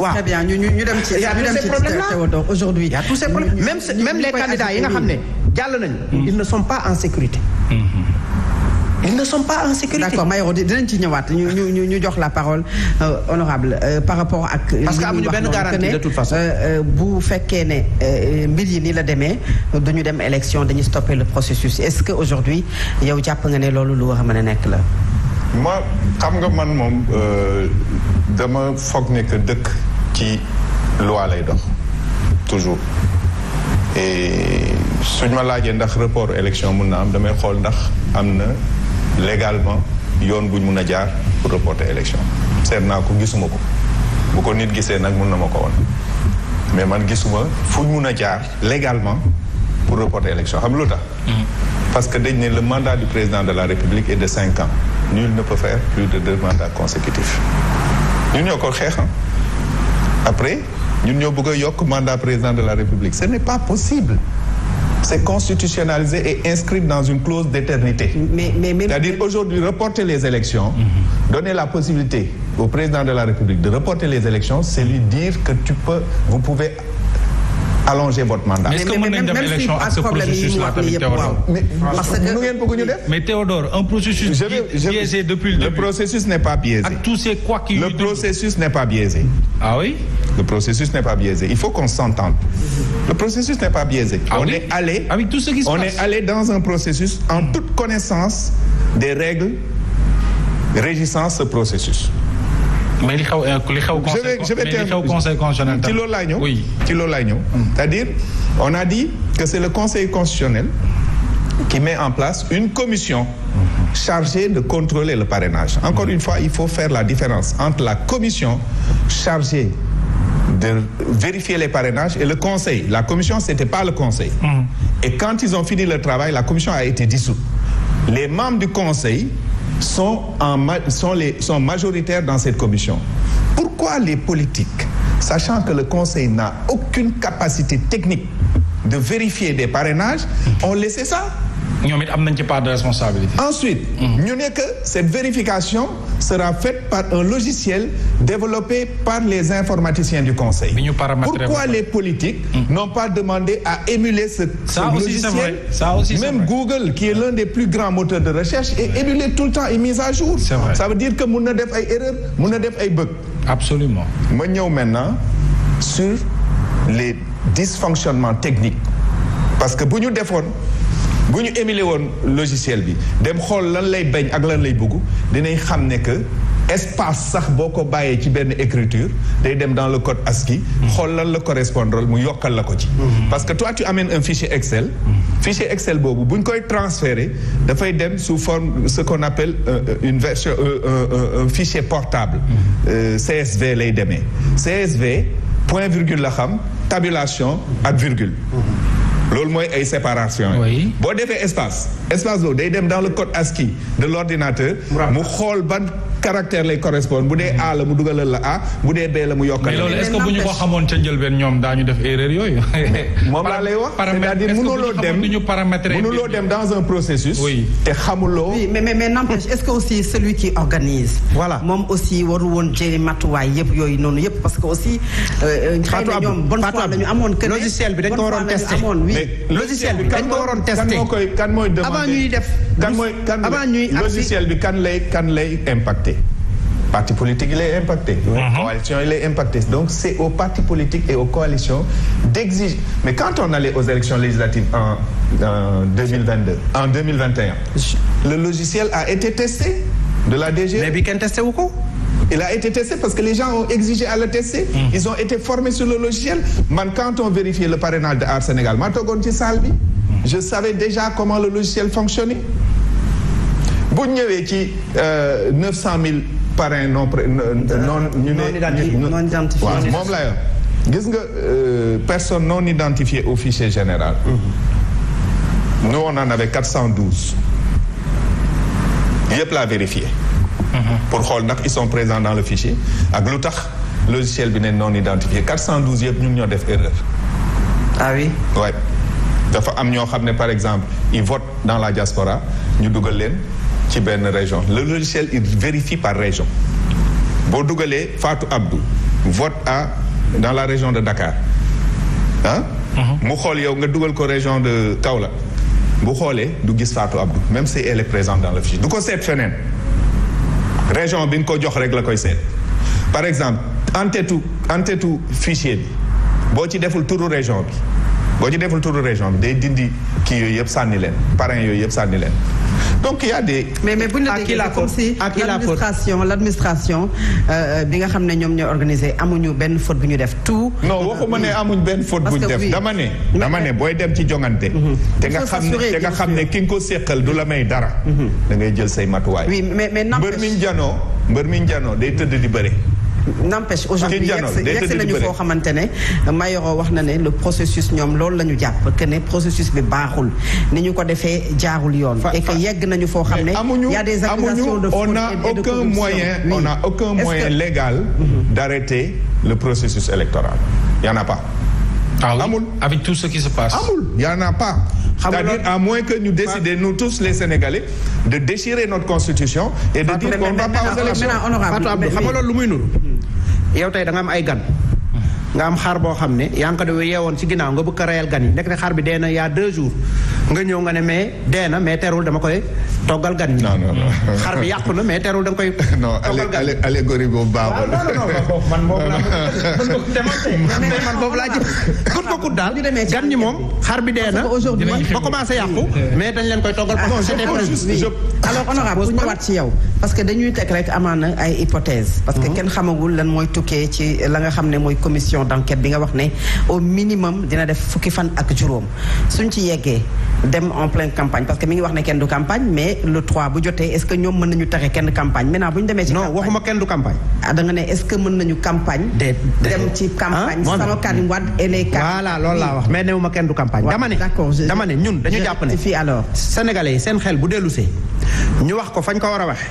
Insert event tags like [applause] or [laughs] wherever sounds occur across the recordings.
waaw très bien ñu ñu ñu dem ci. y' a tous ces problèmes même même les candidats yi nga xam ne jàll nañu. Mm-hmm. ils ne en sécurité. Mm-hmm. ils ne sont pas en sécurité. d'accord Mayoro dinañ ci ñëwaat ñu ñu ñu jox la parole euh, honorable euh, par rapport ak. parce que amuñu benn garantie de toute façon euh, bu fekkee ne mbir yi nii la demee duñu dem élection dañu stopper le processus est-ce que aujourd'hui yow jàpp nga ne loolu lu war a mën a nekk la. ma xam nga man moom dama foog ne dëkk. ci loi lay dox toujours et suñ ma laajee ndax report élection mun na am damay xool ndax am na légalement yoon buñ mun a jaar pour reporter élection seet naa ko gisuma ko bu ko nit gisee nag mun na ma ko woon mais man gisuma fuñ mun a jaar légalement pour reporter élection xam lu tax mm-hmm. parce que dañ ne le mandat du président de la république est de cinq ans nul ne peut faire plus de deux mandats consécutifs ñun ñoo ko xeexam après ñun ñoo bëgg a yokk mandat président de la république ce n'est pas possible c'est constitutionnalisé et inscrit dans une clause d'éternité mais, mais, mais, c'est-à-dire aujourd'hui reporter les élections mm-hmm. donner la possibilité au président de la république de reporter les élections c'est lui dire que tu peux vous pouvez allonger votre mandat. mais est-ce que mën nañ dem élection ak ce processus là tamit Théodore. parce que nu ngeen bëgg ñu def. mais Théodore un processus. je le processus n'est pas biaisé. ak tous ces quoi ah le processus n'est pas biaisé. il faut qu'on s'entende. le processus n'est pas biaisé. Ah ah on est allé avec tout un processus en hmm. toute connaissance des règles régissant ce processus. mais li xaw euh, li xaw. je vais je vais terminer ci loolu laay ñëw oui loolu laay ñëw. cest à a dit que le conseil constitutionnel qui met en place une commission chargée de contrôler le parrainage. Encore hmm. une fois, il faut faire la différence entre la commission chargée de vérifier les parrainages et le conseil. La commission, c'était pas le conseil. Mm. Et quand ils ont fini le travail, la commission a été dissoute. Les membres du conseil sont, en, sont, les, sont majoritaires dans cette commission. Pourquoi les politiques, sachant que le Conseil n'a aucune capacité technique de vérifier des parrainages, ont laissé ça ñoom it am nañ ci part de responsabilité. ñu ne que cette vérification sera faite par un logiciel développé par les informaticiens du conseil. bi ñu paramétrer pourquoi les politiques. Mm. n'ont pas demandé à émuler ce. ça ça aussi c'est vrai même Google qui est l'un des plus grands moteurs de recherche est émulé tout le temps et mise à jour. c'est vrai ça veut dire que mun na def ay erreurs mun na def ay bëgg. absolument. ma ñëw maintenant sur les dysfonctionnements techniques parce que bu ñu defoon. bu ñu émulé woon logiciel bi dem xool lan lay bañ ak lan lay bugg dinañ xam ne que espace sax boo ko bàyyee ci benn écriture day dem dans le code aski xool lan la correspondre mu yokkal la ko ci parce que toi tu amènes un fichier Excel fichier Excel boobu bu ñu koy transférer dafay dem sous forme ce qu'on appelle euh, une version euh, euh, un fichier portable CSV lay demee CSV point virgule la xam tabulation ak virgule loolu mooy ay séparation yi boo defee espace espace boobu day dem dans le code ASCII de l'ordinateur mu xool ban caractère lay correspond bu dee A mu dugalal la A bu dee B la mu yokkal. [laughs] lay wax cest logiciel bi kan lay kan parti politique il est impacté. Mm -hmm. coalition il est impacté donc c'est aux partis politiques et aux coalitions d'exiger mais quand on allait aux élections législatives en en mille vingt deux en deux mille vingt le logiciel a été testé de la DG. E. mais bi kenn testé wu ko. il a été testé parce que les gens ont exigé à le tester. Mm. ils ont été formés sur le logiciel. man quand on vérifiait le parrainage de Aar Sénégal ma toogoon ci bi. Mhm. je savais déjà comment le logiciel fonctionnait. bu ñëwee ci euh, neuf cent mille. parrain non non ñu ne non identifié waaw moom la gis nga euh, personne non identifiée au fichier général mm-hmm. nous on en avait 412 yëpp laa vérifié mm-hmm. pour xool ndax ils sont présents dans le fichier ak lu tax logiciel bi ne non identifié 412 yëpp ñun ñoo def erreur ah oui ouais dafa am ñoo xam ne par exemple ils votent dans la diaspora ñu dugal leen ci benn région le logiciel il vérifie par région boo dugalee faatu ab du vote à dans la région de Dakar ah mu xool yow nga dugal ko région de la bu xoolee du gis Fatou Abdou même si elle est présente dans le fichier du ko seet feneen région bi nga ko jox rek la koy seet par exemple en-tête en-tête fichier bi boo ci deful turu région bi boo ci deful turu région bi day dindi kii yooyu yëpp sànni leen parrain yooyu yëpp sànni leen donc il mais mais bu ñu la déggee comme si l'administration l'administration euh, euh, bi nga xam ne ñoom ñoo organisé amuñu benn faute bu ñu def tout. non waxuma ne amuñ benn faute bu ñu def dama ne. dama ne booy dem ci jongante. Mhm. te nga xam te nga xam ne ki nga ko séqal du la may dara. Mhm. da ngay jël say matuwaay. oui mais mais mbër mi janoo mbër mi janoo day tëdd di bëre. n'empêche aujourd'hui yegsi nañu foo xamante ne Mayoro wax na ne le processus ñoom loolu la ñu jàpp que ne processus bi baaxul ni ñu ko defee jaarul yoon et que yegg nañu foo xam ne y a des accusations de fraude et de corruption on a aucun moyen on a aucun moyen légal mhm. d'arrêter le processus électoral y en a pas Ah oui, amul avec tout ce qui se passe. amul y en a pas. c'est-à-dire à moins que ñu décider nous tous les Sénégalais de déchirer notre constitution. et de dire qu'on ne va pas aux élections. lu muy nuru. yow tey da nga am ay gan nga am xar boo xam ne yaa ngi ko yeewoon ci ginnaaw nga bëgg ko gan yi nekk ne xar bi dee na yaa deux jours nga ñëw nga ne mais dee na mais terul dama koy toggal gan yi. non non non xar bi mais terul da koy. [laughs] toggal gan non allégorie boobu baaxul. Ah, non non non man boobu laa [laughs] man man boobu laa moom xar bi dee na ba commencé yàqu mais dañ leen koy toggal. Ah, alors honorable bu ci yow parce que dañuy teg rek amaan na ay hypothèses. parce que mhm. kenn xamagul lan mooy tukkee ci la nga xam ne mooy commission commission d'enquête bi nga wax ne au minimum dina def fukki fan ak juróom suñ ci yeggee dem en pleine campagne parce que mi ngi wax ne kenn du campagne mais le 3 bu jotee est que ñoom mën nañu taxe kenn campagne maintenant bu ñu demee ci non waxuma kenn du campagne ah ne est que mën nañu campagne dem ci ah, campagne sama Karim Wade et les voilà loolu laa wax mais newuma kenn du campagne dama ne ñun dañu jàpp ne fii alors sénégalais yi seen xel bu dellusee ñu wax ko fañ ko war a waxe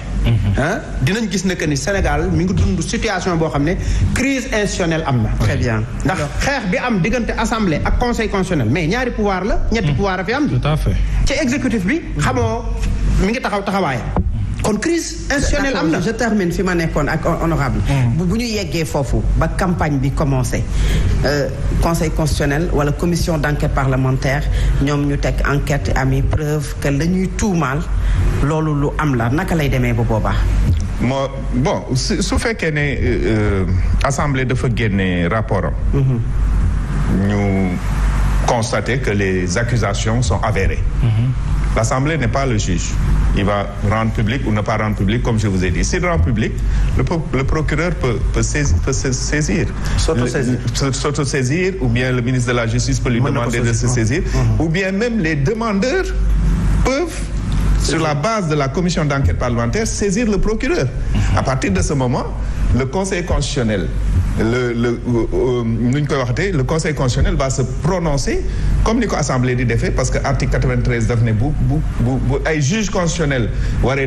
ah dinañ gis ne que ni Sénégal mi ngi dund situation boo xam ne crise institutionnelle am na. très bien ndax xeex bi am diggante assemblée ak conseil constitutionnel mais ñaari pouvoir la. ñetti mm-hmm. pouvoir a fi am. tout à fait ci exécutif bi. xamoo mi ngi taxaw taxawaayam. kon crise institutionnelle am na je termine fi ma nekkoon ak honorable hmm. bu ñu yeggee foofu ba campagne bi commencé euh, conseil constitutionnel wala commission d'enquête parlementaire ñoom ñu teg enquête ami preuve que la ñuy tuumaal loolu lu am la naka lay demee bu boobaa moo bon su fekkee ne euh, euh, assemblée dafa génne rapport am mm-hmm. ñu constater que les accusations sont avérées. Mm-hmm. L'Assemblée n'est pas le juge. Il va rendre public ou ne pas rendre public, comme je vous ai dit. S'il rend public, le, procureur peut, peut saisir. Euh, ou bien le ministre de la Justice peut lui Moi demander de se saisir, mhm. Mhm. ou bien même les demandeurs peuvent sur la base de la commission d'enquête parlementaire, saisir le procureur. Mhm. À partir de ce moment, le Conseil constitutionnel le le euh, nu ñu le conseil constitutionnel va se prononcer comme ni ko assemblée di defee parce que article 93 daf ne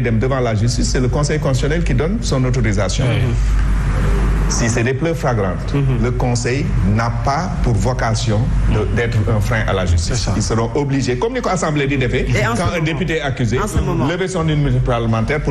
dem la justice c'est le conseil constitutionnel qui donne son autorisation. Si des plaies flagrantes, mm-hmm. le Conseil n'a pas pour vocation d'être un frein à